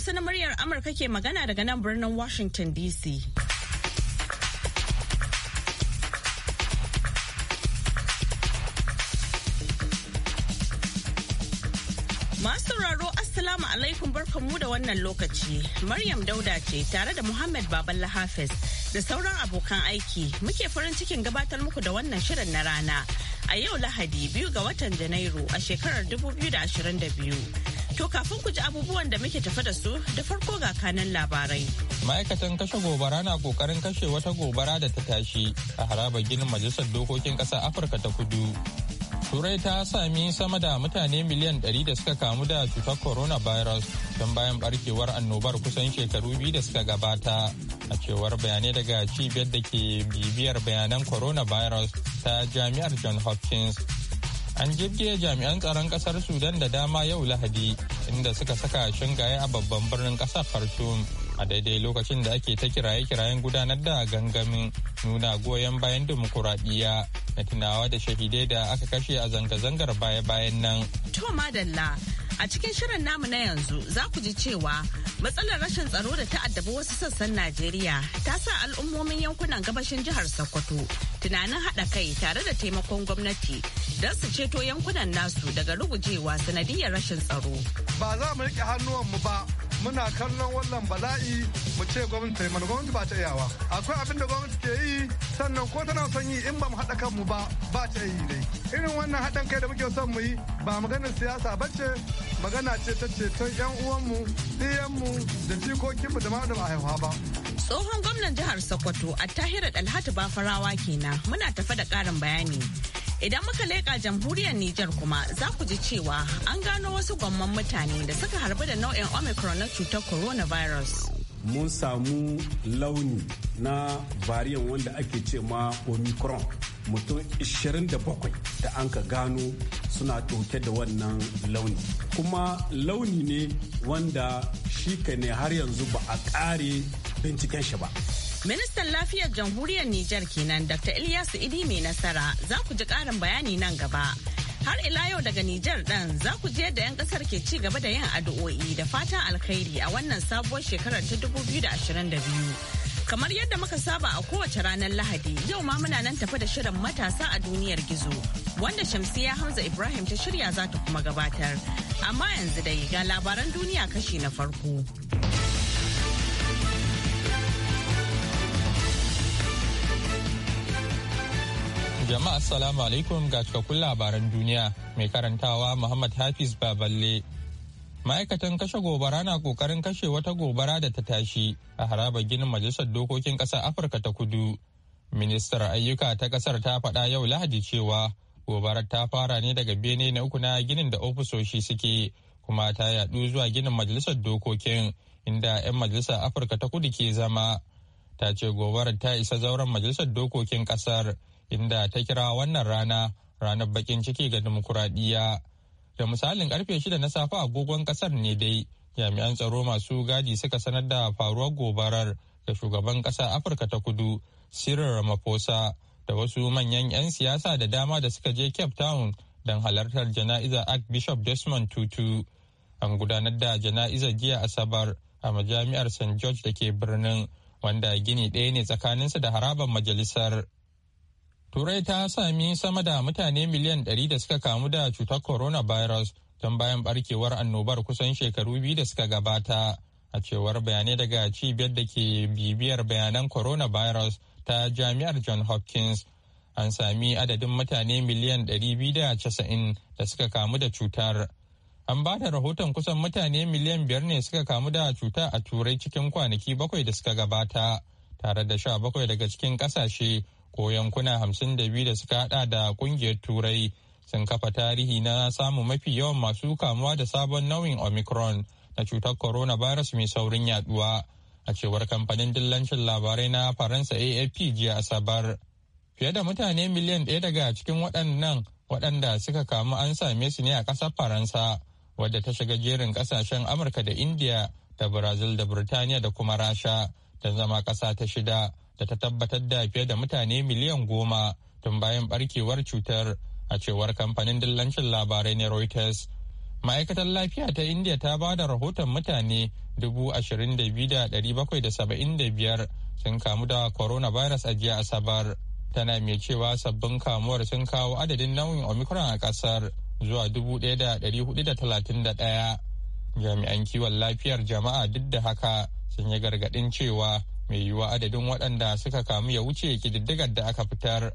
Hausa na muryar Amurka ke magana daga nan birnin Washington DC. Masu sauraro Assalamu alaikum barkanmu da wannan lokaci. Maryam Dauda ce tare da Muhammad Baballa Hafiz da sauran abokan aiki muke farin cikin gabatar muku da wannan shirin na rana. A yau Lahadi biyu ga watan Janairu a shekarar 2022. To kafin ku ji abubuwan da muke tafa da su da farko ga kanan labarai. Ma'aikatan kashe gobara na kokarin kashe wata gobara da ta tashi a harabar ginin majalisar dokokin ƙasar Afirka ta kudu. Turai ta sami sama da mutane miliyan ɗari da suka kamu da cutar coronavirus don bayan barkewar annobar kusan shekaru biyu da suka gabata. A cewar bayanai daga cibiyar da ke bibiyar bayanan coronavirus ta jami'ar John Hopkins. An jirgin jami'an tsaron kasar Sudan da dama yau Lahadi inda suka saka shingaye a babban birnin kasar khartoum a daidai lokacin da ake ta kiraye-kirayen gudanar da gangamin nuna goyon bayan dimokuraɗiyya na tunawa da shahidai da aka kashe a zanga-zangar baya-bayan nan. To A cikin shirin namu na yanzu za ku ji cewa matsalar rashin tsaro da addabi wasu sassan Najeriya ta sa al'ummomin yankunan gabashin jihar Sokoto tunanin haɗa kai tare da taimakon gwamnati don su ceto yankunan nasu daga rugujewa sanadiyar rashin tsaro. Ba za mu riƙe mu ba muna kallon wannan bala'i mu ce gwamnati gwamnati ba ta ba akwai abin da gwamnati ke yi sannan ko tana son yi in ba mu haɗa kanmu ba ba ta yi dai irin wannan haɗin kai da muke son mu yi ba maganar siyasa ba ce magana ce ta ceton 'yan uwanmu ɗiyanmu da jikokinmu da ma da ba haihuwa ba tsohon gwamnan jihar sokoto a tahira dalhatu bafarawa kenan muna tafa da ƙarin bayani Idan muka leƙa jamhuriyar Nijar kuma za ku ji cewa an gano wasu gwamman mutane da suka harbu da nau'in Omicron na cutar coronavirus. Mun samu launi na variant wanda ake ce ma Omicron mutum 27 da an ka gano suna toke da wannan launi. Kuma launi ne wanda shi ne har yanzu ba a ƙare binciken shi ba. Ministan lafiyar jamhuriyar Nijar kenan Dr. Ilyasu Idi mai nasara za ku ji ƙarin bayani nan gaba. Har ila yau daga Nijar ɗin za ku je da 'yan ƙasar ke ci gaba da yin addu'o'i da fatan alkhairi a wannan sabuwar shekarar ta 2022. Kamar yadda muka saba a kowace ranar Lahadi, yau ma muna nan tafi da shirin matasa a duniyar gizo, wanda Shamsiya Hamza Ibrahim ta shirya za ta kuma gabatar. Amma yanzu dai ga labaran duniya kashi na farko. Jama'a assalamu alaikum ga cikakkun labaran duniya mai karantawa Muhammad Hafiz Baballe. Ma'aikatan kashe gobara na kokarin kashe wata gobara da ta tashi a harabar ginin Majalisar Dokokin Ƙasar Afirka ta Kudu. Ministar ayyuka ta ƙasar ta faɗa yau Lahadi cewa gobarar ta fara ne daga bene na uku na ginin da ofisoshi suke kuma ta yaɗu zuwa ginin Majalisar Dokokin inda 'yan Majalisar Afirka ta Kudu ke zama. Ta ce gobarar ta isa zauren Majalisar Dokokin ƙasar. inda ta kira wannan rana ranar bakin ciki ga dimokuraɗiyya da misalin karfe shida na safe agogon kasar ne dai jami'an tsaro masu gadi suka sanar da faruwar gobarar da shugaban kasa afirka ta kudu cyril ramaphosa da wasu manyan 'yan siyasa da dama da suka je cape town don halartar jana'izar archbishop desmond tutu an gudanar da jana'izar jiya asabar a majami'ar st george da ke birnin wanda gini ɗaya ne tsakaninsa da harabar majalisar Turai ta sami sama da mutane miliyan 100 da suka kamu da cutar coronavirus tun bayan barkewar annobar kusan shekaru biyu da suka gabata. A cewar bayanai daga cibiyar da ke bibiyar bayanan coronavirus ta jami'ar John Hopkins, an sami adadin mutane miliyan 290 da suka kamu da cutar. An ba da rahoton kusan mutane miliyan biyar ne suka kamu da cuta a turai cikin kwanaki bakwai da suka gabata, tare da sha bakwai daga cikin kasashe. ko yankuna hamsin da biyu da suka hada da kungiyar turai sun kafa tarihi na samu mafi yawan masu kamuwa da sabon nauyin omicron na cutar corona coronavirus mai saurin yaduwa a cewar kamfanin dillancin labarai na faransa afp jiya asabar fiye da mutane miliyan ɗaya daga cikin waɗannan waɗanda suka kamu an same su ne a ƙasar faransa wadda ta shiga jerin ƙasashen amurka da indiya da brazil da burtaniya da kuma rasha da zama ƙasa ta shida da ta tabbatar da fiye da mutane miliyan goma tun bayan barkewar cutar a cewar kamfanin dillancin labarai na Reuters. Ma'aikatar lafiya ta India ta ba da rahoton mutane biyar sun kamu da coronavirus a jiya Asabar. Tana mai cewa sabbin kamuwar sun kawo adadin nauyin Omicron a kasar zuwa 1,431. Jami'an kiwon lafiyar jama'a duk da haka sun yi gargadin cewa mai yiwuwa adadin waɗanda suka kamu ya wuce ƙididdigar da aka fitar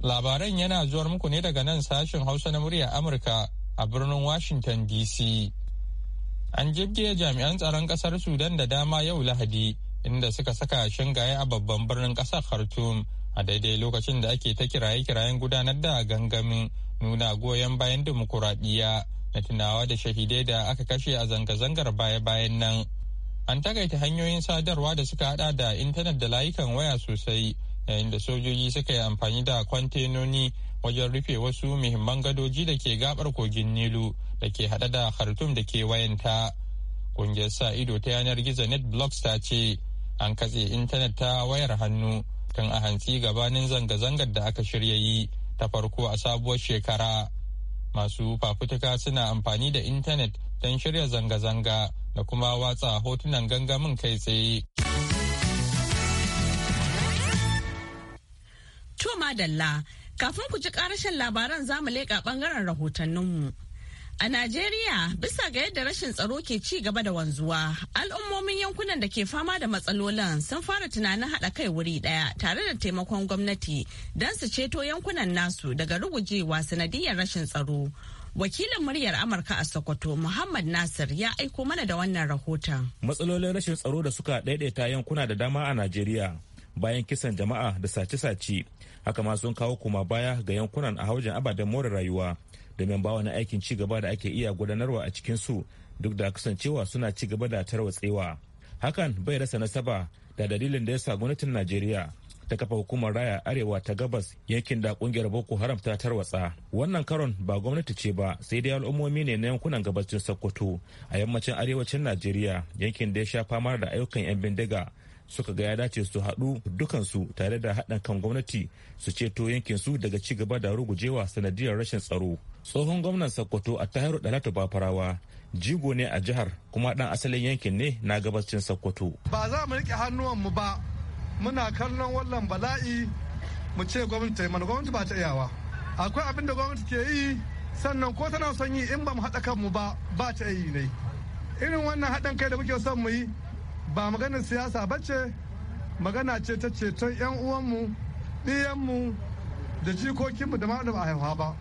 labaran yana zuwar muku ne daga nan sashen hausa na murya amurka a birnin washington dc an jibge jami'an tsaron ƙasar sudan da dama yau lahadi inda suka saka shingaye a babban birnin ƙasar khartoum a daidai lokacin da ake ta kiraye-kirayen gudanar da gangamin nuna goyon bayan dimokuraɗiyya na tunawa da shahidai da aka kashe a zanga-zangar baya-bayan nan an takaita hanyoyin sadarwa da suka hada da intanet da layukan waya sosai yayin da sojoji suka yi amfani da kwantenoni wajen rufe wasu muhimman gadoji da ke gabar kogin nilu da ke hada da khartum da ke wayanta kungiyar sa ido ta yanar gizo netblocks ta ce an katse intanet ta wayar hannu tun a hantsi gabanin zanga-zangar da aka shirya yi ta farko a sabuwar shekara masu fafutuka suna amfani da intanet don shirya zanga-zanga da kuma watsa hotunan gangamin kai tsaye. to Dalla, kafin ku ji karashin labaran za mu leƙa ɓangaren rahotanninmu. A Najeriya, bisa ga yadda rashin tsaro ke ci gaba da wanzuwa, al'ummomin yankunan da ke fama da matsalolin sun fara tunanin haɗa kai wuri ɗaya tare da taimakon gwamnati don su ceto yankunan nasu daga rugujewa sanadiyar rashin tsaro. Wakilin muryar Amurka a Sokoto Muhammad Nasir ya aiko mana da wannan rahoton. Matsalolin rashin tsaro da suka daidaita yankuna da dama a Najeriya bayan kisan jama'a da sace-sace haka ma sun kawo koma baya ga yankunan a haujin ababen more rayuwa da ba wani aikin ci gaba da ake iya gudanarwa a cikin su duk da kasancewa suna ci gaba da tarwatsewa. Hakan bai rasa nasaba da dalilin da ya sa gwamnatin Najeriya ta kafa hukumar raya arewa ta gabas yankin da kungiyar boko haram ta tarwatsa wannan karon ba gwamnati ce ba sai dai al'ummomi ne na yankunan gabashin sokoto a yammacin arewacin najeriya yankin da ya sha fama da ayyukan yan bindiga suka ga ya dace su haɗu dukansu tare da haɗin kan gwamnati su ceto yankin su daga ci gaba da rugujewa sanadiyar rashin tsaro tsohon gwamnan sokoto a tahiru dalatu bafarawa jigo ne a jihar kuma ɗan asalin yankin ne na gabashin sokoto ba za mu riƙe mu ba muna kallon wannan bala'i mu ce gwamnati ta mana gwamnati ba ta iyawa akwai abin da gwamnati ke yi sannan ko tana son yi in ba mu haɗa kanmu ba ba ta yi ne irin wannan haɗin kai da muke son mu yi ba maganar siyasa ba ce magana ce ta ceton 'yan uwanmu ɗiyanmu da jikokinmu da ma da ba haifa ba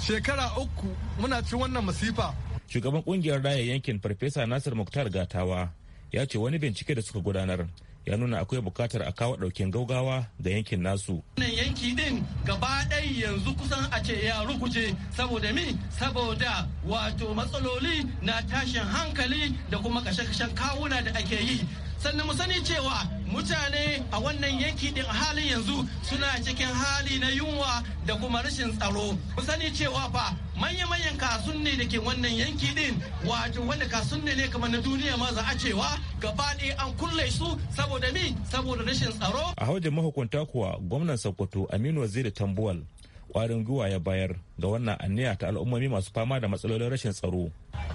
shekara uku muna cin wannan masifa shugaban kungiyar raya yankin farfesa nasir muktar gatawa ya ce wani bincike da suka gudanar ya nuna akwai bukatar a kawo ɗaukin gaugawa ga yankin nasu. Wannan yanki din gaba ɗai yanzu kusan a ce ya ruguje saboda mi saboda wato matsaloli na tashin hankali da kuma kashe-kashen kawuna da ake yi sannan mu sani cewa mutane a wannan yanki din halin yanzu suna cikin hali na yunwa da kuma rashin tsaro mu sani cewa fa manya-manyan kasun ne da ke wannan yanki din wato wanda kasun ne kamar na duniya ma za a cewa gaba ɗaya an kulle su saboda mi saboda rashin tsaro. A haujin mahukunta kuwa gwamnan Sokoto Aminu Waziri Tambuwal kwarin gwiwa ya bayar ga wannan anniya ta al'ummomi masu fama da matsalolin rashin tsaro.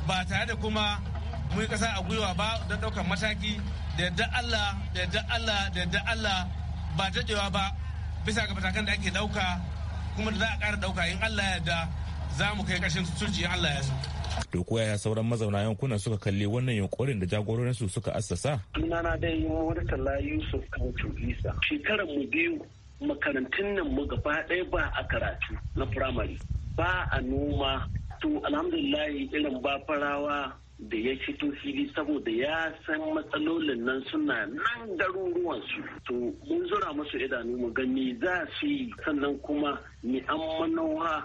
Ba tare da kuma mun kasa a gwiwa ba don ɗaukar mataki da yadda Allah da yadda Allah da yadda Allah ba daɗewa ba bisa ga matakan da ake ɗauka kuma da za a ƙara ɗauka in Allah ya yarda za mu kai ƙarshen turji Allah ya so. To yaya sauran mazauna yankunan suka kalli wannan yunkurin da jagororin su suka assasa? Sunana dai Murtala Yusuf Kautu Isa. Shekarar mu biyu makarantun nan mu gaba ɗaya ba a karatu na firamare. Ba a noma. To alhamdulillah irin ba farawa da ya fito fili saboda ya san matsalolin nan suna nan su. to mun zura musu idanu mu gani za su yi sannan kuma ni an manowa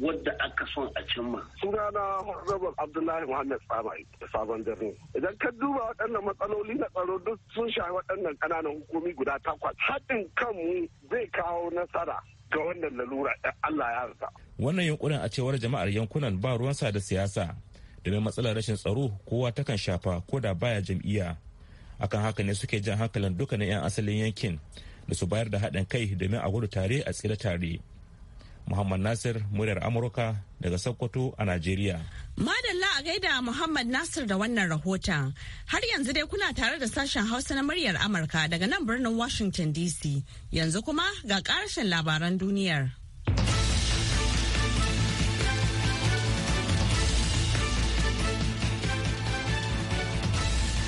wadda aka son a cimma. Sunana Honorable Abdullahi Muhammad Samai da Sabon Birni. Idan ka duba waɗannan matsaloli na tsaro duk sun shafi waɗannan ƙananan hukumi guda takwas. Haɗin kanmu zai kawo nasara ga wannan lalura ɗan Allah ya rasa. Wannan yunkurin a cewar jama'ar yankunan ba ruwan sa da siyasa. Domin matsalar rashin tsaro kowa takan shafa ko da baya jam'iyya. Akan haka ne suke jan hankalin dukkanin 'yan asalin yankin da su bayar da haɗin kai domin a gudu tare a tsira tare. Muhammad Nasir muryar Amurka daga Sokoto a Najeriya. Madalla a gaida Muhammad Nasir da wannan rahoton. Har yanzu dai kuna tare da sashen Hausa na muryar Amurka daga nan birnin Washington DC. Yanzu kuma ga ƙarshen labaran duniyar.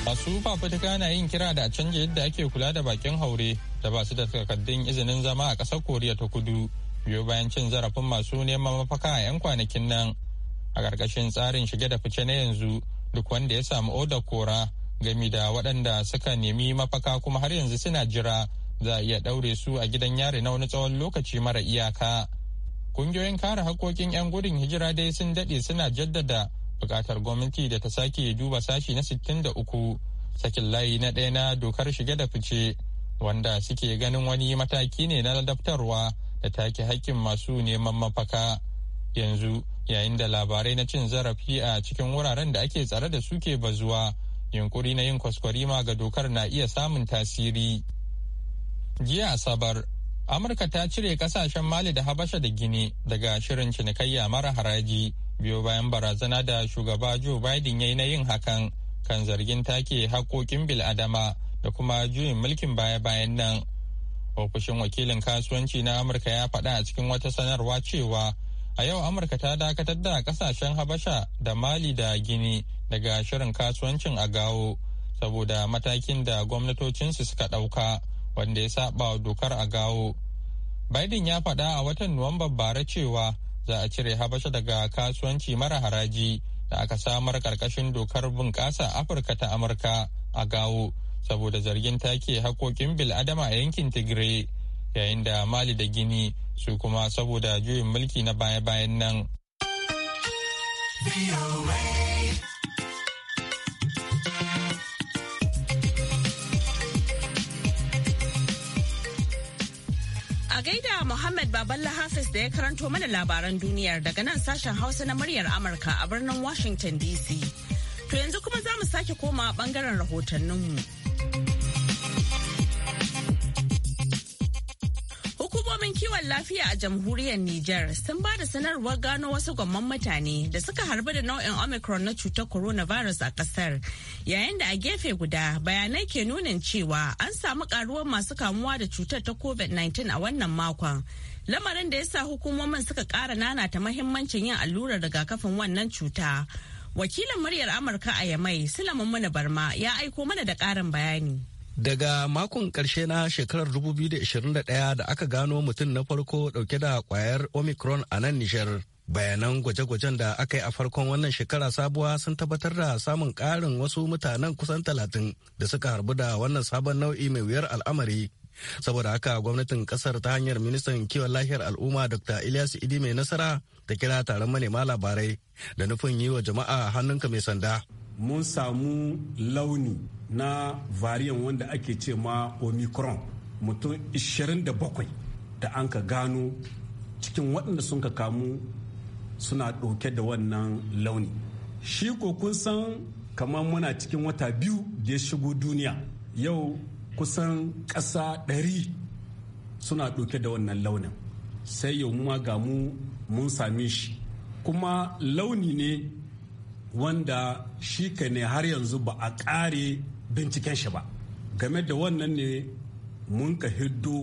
Masu fafutuka na yin kira da a canja yadda ake kula da bakin haure da ba su da takaddun izinin zama a ƙasar Koriya ta Kudu. biyo bayan cin zarafin masu neman mafaka a 'yan kwanakin nan a ƙarƙashin tsarin shige da fice na yanzu duk wanda ya samu odar kora gami da waɗanda suka nemi mafaka kuma har yanzu suna jira za a iya ɗaure su a gidan yari na wani tsawon lokaci mara iyaka ƙungiyoyin kare haƙƙoƙin 'yan gudun hijira dai sun daɗe suna jaddada buƙatar gwamnati da ta sake duba sashi na sittin da uku. sakin layi na ɗaya na dokar shige da fice wanda suke ganin wani mataki ne na ladabtarwa da take hakkin masu neman mafaka yanzu yayin da labarai na cin zarafi a cikin wuraren da ake tsare da su ke bazuwa yunkuri na yin kwaskwari ma ga dokar na iya samun tasiri jiya asabar amurka ta cire kasashen mali da habasha da gini daga shirin cinikayya mara haraji biyo bayan barazana da shugaba joe biden ya yi na yin hakan kan zargin take haƙoƙin bil'adama da kuma juyin mulkin baya-bayan nan ofishin wakilin kasuwanci na amurka ya faɗa a cikin wata sanarwa cewa a yau amurka ta dakatar da kasashen habasha da mali da gini daga shirin kasuwancin a gawo saboda matakin da gwamnatocinsu suka ɗauka wanda ya saba dokar a gawo biden ya faɗa a watan nuwamban bara cewa za a cire habasha daga kasuwanci mara haraji da aka samar ƙarƙashin dokar bunƙasa afirka ta amurka a gawo saboda zargin take haƙoƙin adama a yankin tigray yayin da mali da gini su kuma saboda juyin mulki na baya-bayan nan A gaida Muhammad Baballa Hafiz da ya karanto mana labaran duniyar daga nan sashen Hausa na muryar Amurka a birnin Washington DC. To yanzu kuma za mu sake koma bangaren rahotanninmu. Hukumomin kiwon lafiya a jamhuriyar Nijar sun ba da sanarwar gano wasu gwamman mutane da suka harbi da nau'in Omicron na cutar coronavirus a kasar. Yayin da a gefe guda bayanai ke nunin cewa an samu karuwar masu kamuwa da cutar ta COVID-19 a wannan makon. Lamarin da ya sa hukumomin suka ƙara nanata mahimmancin yin allurar rigakafin wannan cuta. Wakilin muryar Amurka a Yamai, Sulaiman mana Barma, ya aiko mana da karin bayani. Daga makon karshe na shekarar 2021 da aka gano mutum na farko dauke da kwayar Omicron a nan Nijar. Bayanan gwaje-gwajen da aka yi a farkon wannan shekara sabuwa sun tabbatar da samun karin wasu mutanen kusan talatin da suka harbu da wannan sabon nau'i mai wuyar al'amari saboda haka gwamnatin kasar ta hanyar ministan kiwon lafiyar al'umma dr ilyas idi mai nasara ta kira taron manema labarai da nufin yi wa jama'a hannunka mai sanda mun samu launi na variyan wanda ake ce ma omicron mutum 27 da an ka gano cikin waɗanda sun ka kamu suna ɗauke da wannan launi shi ko kun san kamar muna cikin wata biyu da ya shigo duniya yau kusan ƙasa ɗari suna ɗauke da wannan launin sai yau ma ga mu mun sami shi kuma launi ne wanda shi ka ne har yanzu ba a ƙare binciken shi ba game da wannan ne mun ka hiddo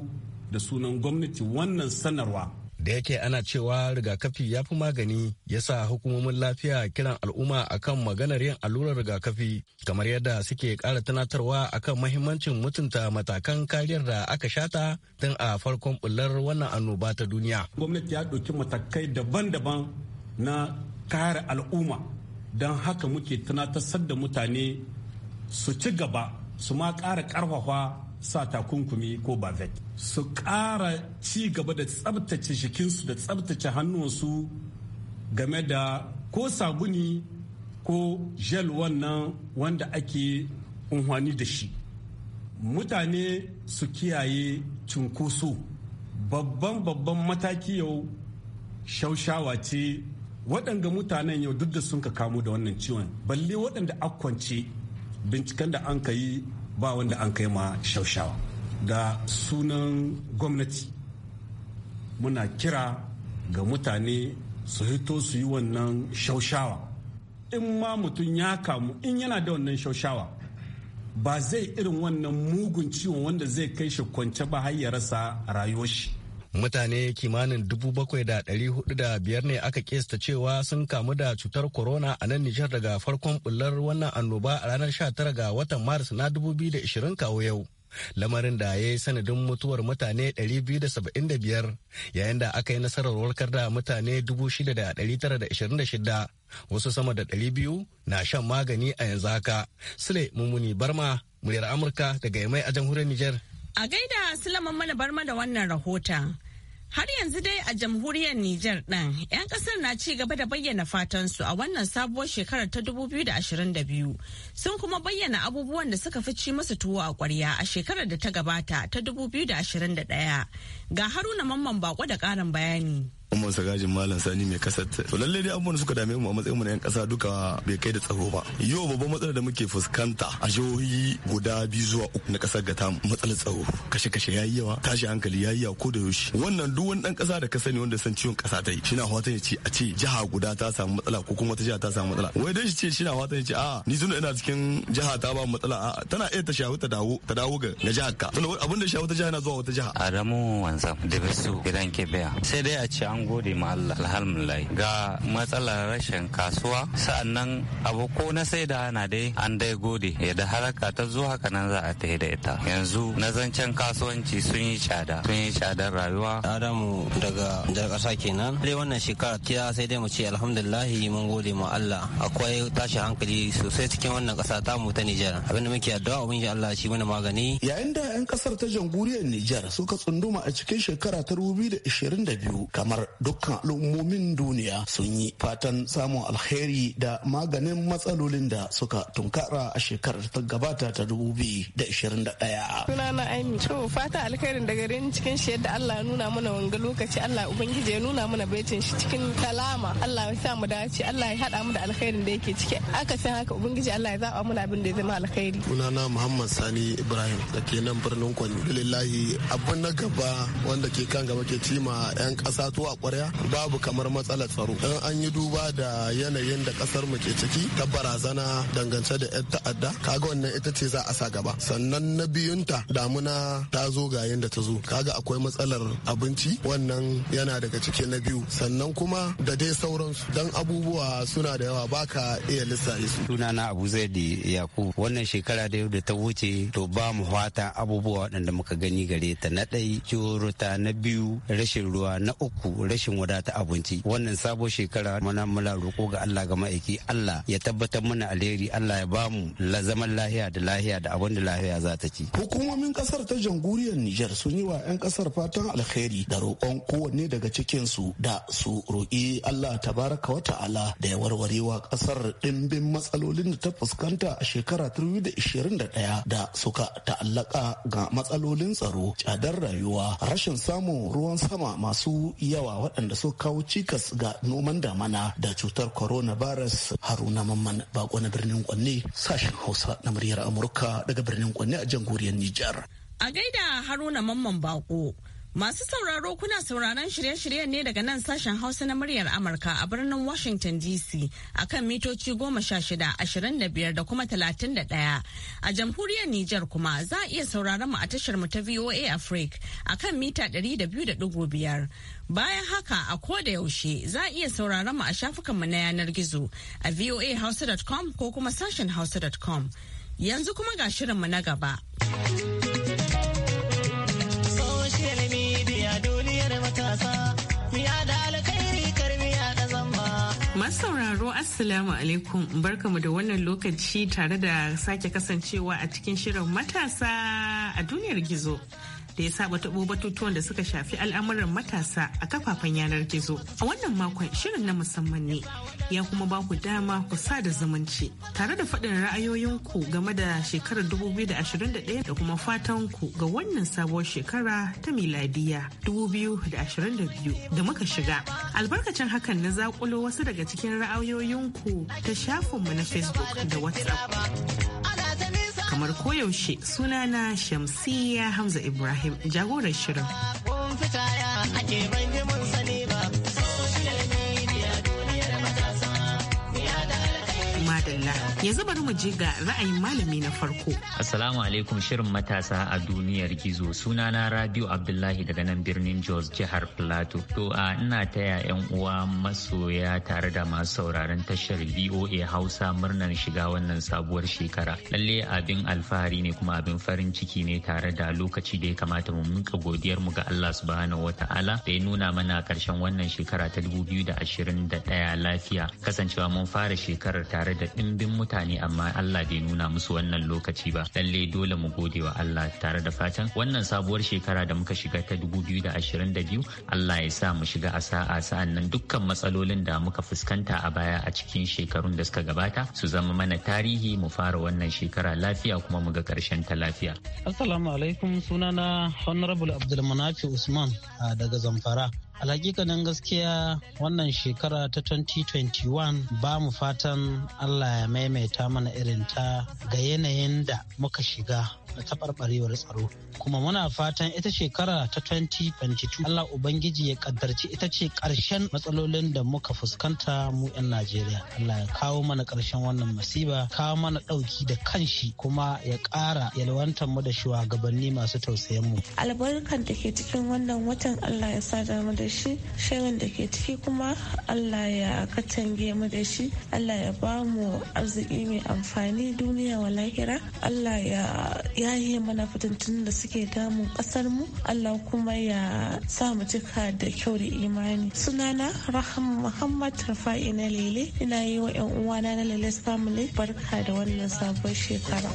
da sunan gwamnati wannan sanarwa da yake ana cewa rigakafi ya fi magani ya sa hukumomin lafiya kiran al'umma akan maganar yin allurar rigakafi kamar yadda suke ƙara tunatarwa akan mahimmancin mutunta matakan kariyar da aka shata tun a farkon bullar wannan annoba ta duniya. Gwamnati ya ɗauki matakai daban-daban na kare al'umma don haka muke tunatar da mutane su ci gaba su ma ƙara ƙarfafa sa takunkumi ko bavet su ƙara ci gaba da tsabtace jikinsu da tsabtace hannunsu game da ko sabuni ko gel wannan wanda ake unhwani da shi mutane su kiyaye cunkoso babban babban mataki yau shaushawa ce waɗanda mutanen yau duk da sun ka kamu da wannan ciwon balle waɗanda akwance binciken da an ka yi ba wanda an kai ma shaushawa da sunan gwamnati muna kira ga mutane su hito su yi wannan shaushawa in ma mutum ya kamu in yana da wannan shaushawa ba zai irin wannan mugun ciwon wanda zai kai shi kwance ba har ya rasa rayuwar shi mutane kimanin dubu bakwai da dari hudu da biyar ne aka kesta cewa sun kamu da cutar corona a nan nijar daga farkon bullar wannan annoba a ranar 19 ga watan maris na 2020 kawo yau lamarin da ya yi sanadin mutuwar mutane 275 yayin da aka yi nasarar warkar da mutane 6,926 wasu sama da 200 na shan magani a yanzu haka sule mummuni barma muryar amurka daga yamai a jamhuriyar Nijar. a gaida sulaman mana barma da wannan rahota Har yanzu dai a jamhuriyar Nijar ɗin, 'yan ƙasar na ci gaba da bayyana fatansu a wannan sabuwar shekarar ta 2022. Sun kuma bayyana abubuwan da suka fi ci masu tuwo a ƙwarya a shekarar da ta gabata ta 2021. Ga Haruna Mamman Bako da ƙarin bayani. umar sagajin malam sani mai kasat to lallai dai abubuwan suka dame mu a matsayin mu na yan kasa duka bai kai da tsaro ba yau babban matsalar da muke fuskanta a jihohi guda biyu zuwa uku na kasar gata matsalar tsaro kashe kashe yayi yawa tashi hankali yayi yawa ko da yaushe wannan duk wani dan kasa da ka sani wanda san ciwon kasa ta yi shi na fatan ya ce a ce jiha guda ta samu matsala ko kuma ta jiha ta samu matsala wai dai shi ce shi na fatan ya ce a ni tunda ina cikin jiha ta ba matsala a tana iya ta shafi ta dawo ta dawo ga jihar ka tunda abin da shafi ta jiha na zuwa wata jiha a ramu wanzam da bisu gidan ke biya sai dai a ce an an gode ma Allah alhamdulillah ga matsalar rashin kasuwa sa'annan abu ko na sai da ana dai an dai gode da haraka ta zuwa haka nan za a ta da ita yanzu na zancen kasuwanci sun yi tsada sun yi tsadar rayuwa adamu daga jar kasa kenan dai wannan shekara ta sai dai mu ce alhamdulillah mun gode ma Allah akwai tashi hankali sosai cikin wannan kasa ta mu ta Nijar abinda muke addu'a ubangiji Allah shi mana magani yayin da 'yan kasar ta jamhuriyar Nijar suka tsunduma a cikin shekara ta 2022 kamar dukkan al'ummomin duniya sun yi fatan samun alheri da maganin matsalolin da suka tunkara a shekarar ta gabata ta 2021. Sunana Aimi, to fata alkhairin da garin cikin shi yadda Allah nuna mana wanga lokaci Allah Ubangiji ya nuna mana baitin shi cikin kalama Allah ya sa mu dace Allah ya haɗa mu da alkhairin da yake ciki aka san haka Ubangiji Allah ya zaba mana abin da ya zama alkhairi. Sunana Muhammad Sani Ibrahim da ke nan birnin Kwani. Lillahi abin na gaba wanda ke kan gaba ke cima 'yan kasa tuwa kwarya babu kamar matsalar tsaro in an yi duba da yanayin da kasar mu ke ciki ta barazana dangance da 'yan ta'adda kaga wannan ita ce za a sa gaba sannan na biyunta damuna ta zo ga yanda ta zo kaga akwai matsalar abinci wannan yana daga ciki na biyu sannan kuma da dai sauransu dan abubuwa suna da yawa baka iya lissafi su sunana abu zaidi yakub wannan shekara da yau da ta wuce to ba mu fata abubuwa waɗanda muka gani gare ta na ɗai ruta na biyu rashin ruwa na uku rashin wadata abinci wannan sabo shekara muna mula roko ga Allah ga ma'aiki Allah ya tabbatar mana alheri Allah ya bamu zaman lahiya da lahiya da abin da lahiya za ta ci hukumomin kasar ta jamhuriyar niger sun yi wa 'yan kasar fatan alheri da roƙon kowanne daga cikin su da su roƙi Allah tabaraka wa ta'ala da ya warware wa kasar dimbin matsalolin da ta fuskanta a shekara 2021 da suka ta'allaka ga matsalolin tsaro tsadar rayuwa rashin samun ruwan sama masu yawa waɗanda suka kawo cikas ga noman damana da cutar corona virus haruna mamman bako na birnin kwanne sashen hausa na muryar amurka daga birnin kwanne a jamhuriyar nijar a gaida haruna mamman bako Masu sauraro kuna sauraron shirye-shiryen ne daga nan sashen Hausa na muryar Amurka a birnin Washington DC a kan mitoci goma sha shida ashirin da biyar da kuma talatin da ɗaya. A jamhuriyar Nijar kuma za a iya sauraron mu a tashar ta VOA Africa a kan mita ɗari da biyu da ɗigo biyar. Bayan haka a ko da yaushe za a iya sauraron mu a shafukanmu na yanar gizo a voahausa.com ko kuma sashen hausa.com. Yanzu kuma ga shirinmu na gaba. Masu sauraro Assalamu alaikum barkamu da wannan lokaci tare da sake kasancewa a cikin shirin matasa a duniyar gizo. da ya saba taɓo batutuwan da suka shafi al'amuran matasa a kafafen yanar gizo. A wannan makon shirin na musamman ne ya kuma ba ku dama ku sa da zumunci tare da faɗin ra'ayoyinku game da shekarar 2021 da kuma fatan ku ga wannan sabuwar shekara ta miladiya 2022 da muka shiga. Albarkacin hakan na zakulo wasu daga cikin ra'ayoyinku ta shafinmu na Facebook da WhatsApp. kamar koyaushe sunana Shamsiyya Hamza Ibrahim jagorar shirin. Madalla. Yanzu bari mu je ga ra'ayin malami na farko. Assalamu alaikum shirin matasa a duniyar gizo. Sunana Rabiu Abdullahi daga nan birnin Jos jihar Plateau. To a ina taya yan uwa masoya tare da masu sauraron tashar VOA Hausa murnar shiga wannan sabuwar shekara. Lalle abin alfahari ne kuma abin farin ciki ne tare da lokaci da ya kamata mu muka godiyar mu ga Allah subhanahu wata'ala da ya nuna mana karshen wannan shekara ta 2021 lafiya kasancewa mun fara shekarar tare da ɗimbin mutane amma Allah bai nuna musu wannan lokaci ba lalle dole mu gode wa Allah tare da fatan wannan sabuwar shekara da muka shiga ta da da ashirin biyu Allah ya sa mu shiga a sa'a sa'an nan dukkan matsalolin da muka fuskanta a baya a cikin shekarun da suka gabata su zama mana tarihi mu fara wannan shekara lafiya kuma mu ga karshen ta lafiya Assalamu alaikum sunana Honorable Abdulmanafi Usman daga Zamfara alhakikanin gaskiya wannan shekara ta 2021 ba mu fatan allah ya maimaita mana irin ta ga yanayin da muka shiga da taɓarɓarewar tsaro kuma muna fatan ita shekara ta 2022 allah ubangiji ya ƙaddarci ita ce ƙarshen matsalolin da muka fuskanta mu 'yan najeriya allah ya kawo mana ƙarshen wannan masiba kawo mana ɗauki da kanshi kuma ya ƙara yalwantar mu da shuwagabanni masu tausayin mu albarkan da ke cikin wannan watan allah ya sa da mu da shi shirin da ke ciki kuma allah ya katange mu da shi allah ya ba mu arziki mai amfani duniya wa lahira allah ya yaye mana fitattun da suke damun kasar mu allah kuma ya sa mu cika da kyau da imani sunana rahama muhammad rafa'i na lele ina yi wa 'yan uwana na lele family barka da wannan sabon shekara.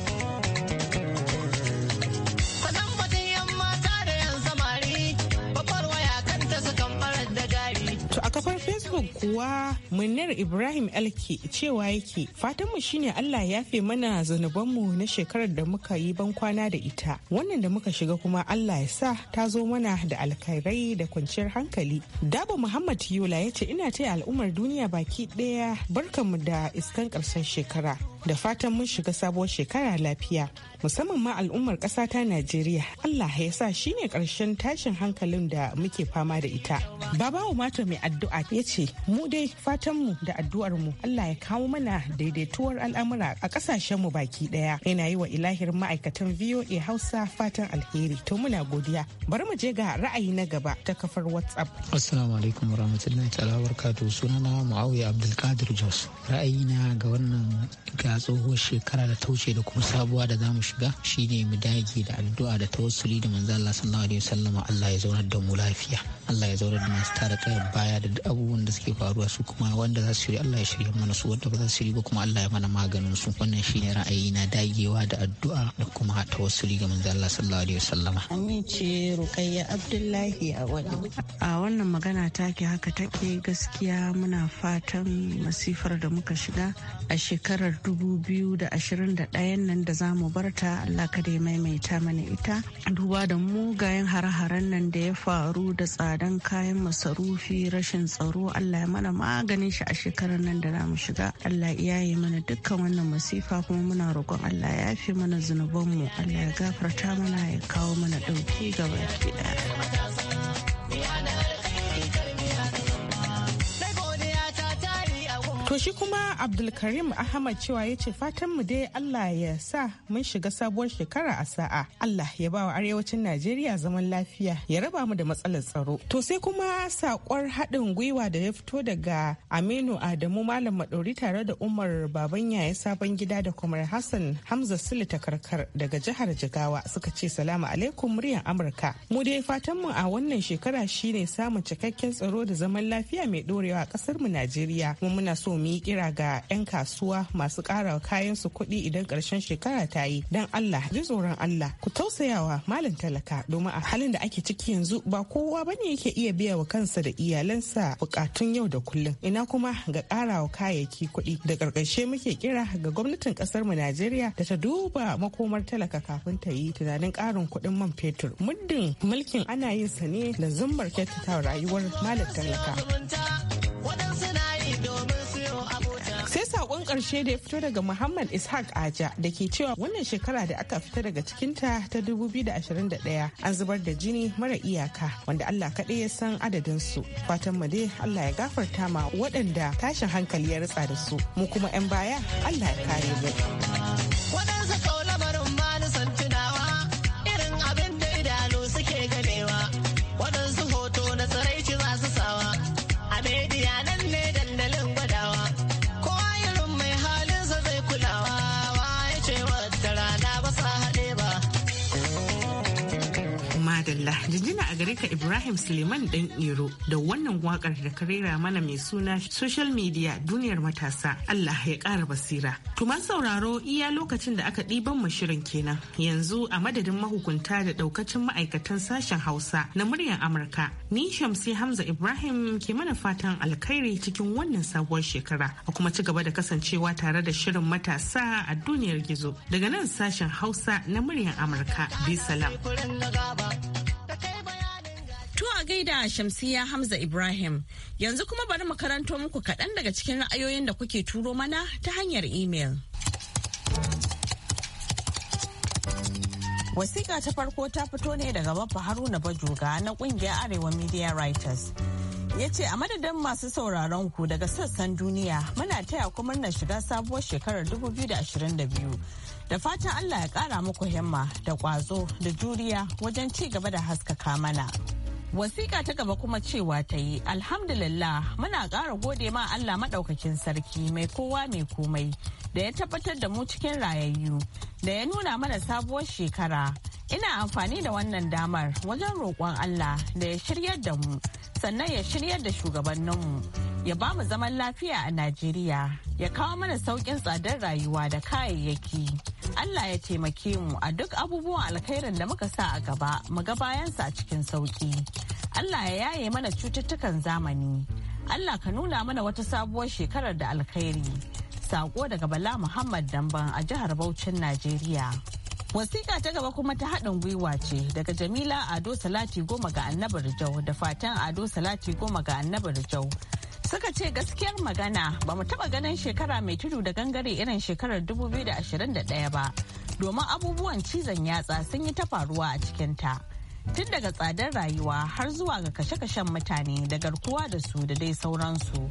kuwa munnar Ibrahim Alki cewa yake fatanmu shine Allah ya fi mana zanubanmu na shekarar da muka yi bankwana da ita. Wannan da muka shiga kuma Allah ya sa ta zo mana da alkhairai da kwanciyar hankali. Daba Muhammad Yola ya ce ina taya al'ummar duniya baki ɗaya barkanmu da iskan ƙarshen shekara. da fatan mun shiga sabuwar shekara lafiya musamman ma al'ummar ƙasa ta najeriya allah ya sa shine ƙarshen tashin hankalin da muke fama da ita Babawu mato mai addu'a ya ce mu dai fatanmu da addu'ar mu allah ya kawo mana daidaituwar al'amura a ƙasashen mu baki ɗaya yana yi wa ilahir ma'aikatan voa hausa fatan alheri to muna godiya bari mu je ga ra'ayi na gaba ta kafar whatsapp assalamu alaikum warahmatullahi ta'ala barkatu sunana muawiya abdulkadir jos ra'ayina ga wannan ga ta tsohuwar shekara da tauce da kuma sabuwa da zamu shiga shine mu dage da addu'a da tawassuli da manzo Allah sallallahu alaihi wasallama Allah ya zaunar da mu lafiya Allah ya zaunar da masu tare kai baya da duk abubuwan da suke faruwa su kuma wanda za su Allah ya shirya mana su wanda ba za su shirya ba kuma Allah ya mana maganin su wannan shine ra'ayi na dagewa da addu'a da kuma tawassuli ga manzo Allah sallallahu alaihi wasallama amin ce Rukayya Abdullahi a wani a wannan magana take haka take gaskiya muna fatan masifar da muka shiga a shekarar dubu 2021 nan da za mu barta Allah kada ya maimaita mana ita duba da mugayen hare-haren nan da ya faru da tsadan kayan masarufi rashin tsaro Allah ya mana maganin shi a shekarar nan da za mu shiga Allah ya yi mana dukkan wannan masifa kuma muna roƙon Allah ya yafe mana zunubanmu Allah ya gafarta mana ya kawo mana ɗauki gaba ɗaya. To shi kuma Abdulkarim Ahmad cewa ya ce fatan mu dai Allah ya sa mun shiga sabuwar shekara a sa'a. Allah ya ba wa arewacin Najeriya zaman lafiya ya raba mu da matsalar tsaro. To sai kuma sakwar haɗin gwiwa da ya fito daga Aminu Adamu Malam Maɗori tare da Umar Baban Yaya Sabon Gida da Kumar Hassan Hamza Sule Takarkar daga jihar Jigawa suka ce salamu alaikum muryar Amurka. Mu dai fatan mu a wannan shekara shine samun cikakken tsaro da zaman lafiya mai ɗorewa a ƙasar mu Najeriya. Mu muna so mu yi kira ga 'yan kasuwa masu karawa kayan su kuɗi idan ƙarshen shekara ta yi don Allah ji tsoron Allah ku tausayawa malam talaka domin a halin da ake ciki yanzu ba kowa bane yake iya biya wa kansa da iyalansa bukatun yau da kullum ina kuma ga ƙarawa kayayyaki kuɗi da ƙarƙashe muke kira ga gwamnatin ƙasar mu Najeriya da ta duba makomar talaka kafin ta yi tunanin ƙarin kuɗin man fetur muddin mulkin ana yin sa ne da zumbar kyautata rayuwar malam talaka. karshe da ya fito daga Muhammad Ishaq Aja da ke cewa wannan shekara da aka fita daga cikinta ta 2021 an zubar da jini mara iyaka wanda Allah kaɗai ya san adadin su. Fatan mu dai Allah ya gafarta ma waɗanda tashin hankali ya ritsa da su. Mu kuma 'yan baya Allah ya kare mu. Allah jinjina a gare ka ibrahim suleiman dan iro da wannan wakar da ka rera mana mai suna social media duniyar matasa allah ya kara basira to sauraro iya lokacin da aka ɗiban mu shirin kenan yanzu a madadin mahukunta da ɗaukacin ma'aikatan sashen hausa na muryar amurka ni shamsi hamza ibrahim ke mana fatan alkhairi cikin wannan sabuwar shekara a kuma ci gaba da kasancewa tare da shirin matasa a duniyar gizo daga nan sashen hausa na muryar amurka bisalam. a gaida Shamsiya Hamza Ibrahim. Yanzu kuma bari mu karanto muku kaɗan daga cikin ra'ayoyin da kuke turo mana ta hanyar imel. Wasiƙa ta farko ta fito ne daga babba Haruna Bajoga na ƙungiyar Arewa Media Writers. Ya ce a madadin masu sauraron ku daga sassan duniya muna taya ku murnar shiga sabuwar shekarar 2022. Da fatan Allah ya kara muku himma da kwazo da juriya wajen ci gaba da haskaka mana. Wasiƙa ta gaba kuma cewa ta yi, Alhamdulillah muna ƙara gode ma Allah maɗaukakin sarki mai kowa mai komai da ya tabbatar da mu cikin rayayyu da ya nuna mana sabuwar shekara. Ina amfani da wannan damar wajen roƙon Allah da ya shiryar da mu sannan ya shiryar da shugabanninmu ya ba mu zaman lafiya a Najeriya ya kawo mana sauƙin tsadar rayuwa da kayayyaki. Allah ya taimake mu a duk abubuwan alkhairin da muka sa a gaba mu ga bayansa a cikin sauƙi. Allah ya yaye mana cututtukan zamani. Allah ka nuna mana wata sabuwar shekarar da alkhairi. Sako daga Bala Muhammad Damban a jihar Bauchin Najeriya. Wasiƙa ta gaba kuma ta haɗin gwiwa ce daga Jamila Ado Salati goma ga annabar Jau da fatan Ado Salati goma ga annabar Jau. Suka ce gaskiyar magana ba mu taɓa ganin shekara mai tudu da gangare irin shekarar dubu biyu da da ɗaya ba domin abubuwan cizon yatsa sun yi ta faruwa a cikinta. tun daga tsadar rayuwa har zuwa ga kashe-kashen mutane da garkuwa da su da dai sauransu.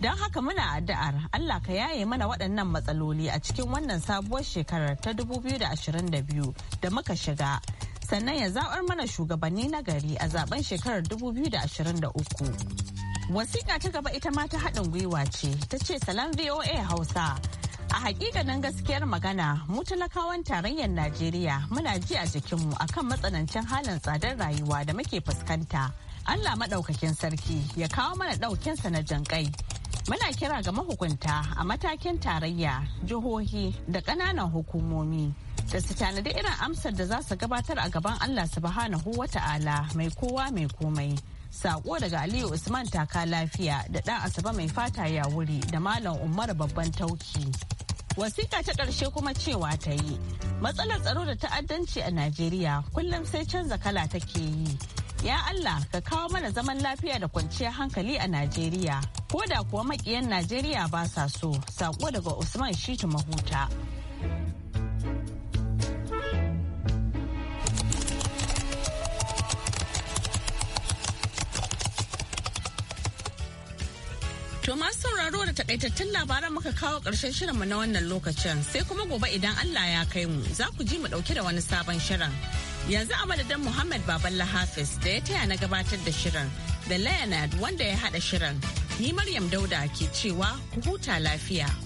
Don haka muna addu'ar Allah ka yaye mana waɗannan matsaloli a cikin wannan sabuwar shekarar ta 2022 da muka shiga. Sannan ya zaɓar mana shugabanni na gari a zaben shekarar 2023. Wasiƙa ta gaba ita ma ta haɗin gwiwa ce, ta ce salon VOA Hausa. A hakikanin gaskiyar magana, mu talakawan tarayyar Najeriya muna ji a jikinmu a kan matsanancin halin tsadar rayuwa da muke fuskanta. Allah maɗaukakin sarki ya kawo mana ɗaukinsa na kai. Muna kira ga mahukunta a matakin tarayya, jihohi da ƙananan hukumomi da su tanadi irin amsar da za su gabatar a gaban Allah subhanahu wa ta'ala mai kowa mai komai. Sako daga Aliyu Usman Taka Lafiya da ɗan Asaba mai fata ya wuri da Malam Umar Babban Tauki. Wasiƙa ta ƙarshe kuma cewa ta yi, matsalar tsaro da ta'addanci a Najeriya kullum sai canza kala take yi. Ya Allah ka kawo mana zaman lafiya da kwanciyar hankali a Najeriya, ko da kuwa maƙiyan Najeriya ba sa so, sako daga Usman Shitu Mahuta. To masu sauraro da takaitattun labaran muka kawo ƙarshen shirinmu na wannan lokacin sai kuma gobe idan Allah ya kai mu za ku ji mu ɗauke da wani sabon shirin. Yanzu a madadin Muhammad Baballa Hafiz da ya taya na gabatar da shirin da Leonard wanda ya haɗa shirin. Ni Maryam Dauda ke cewa ku huta lafiya.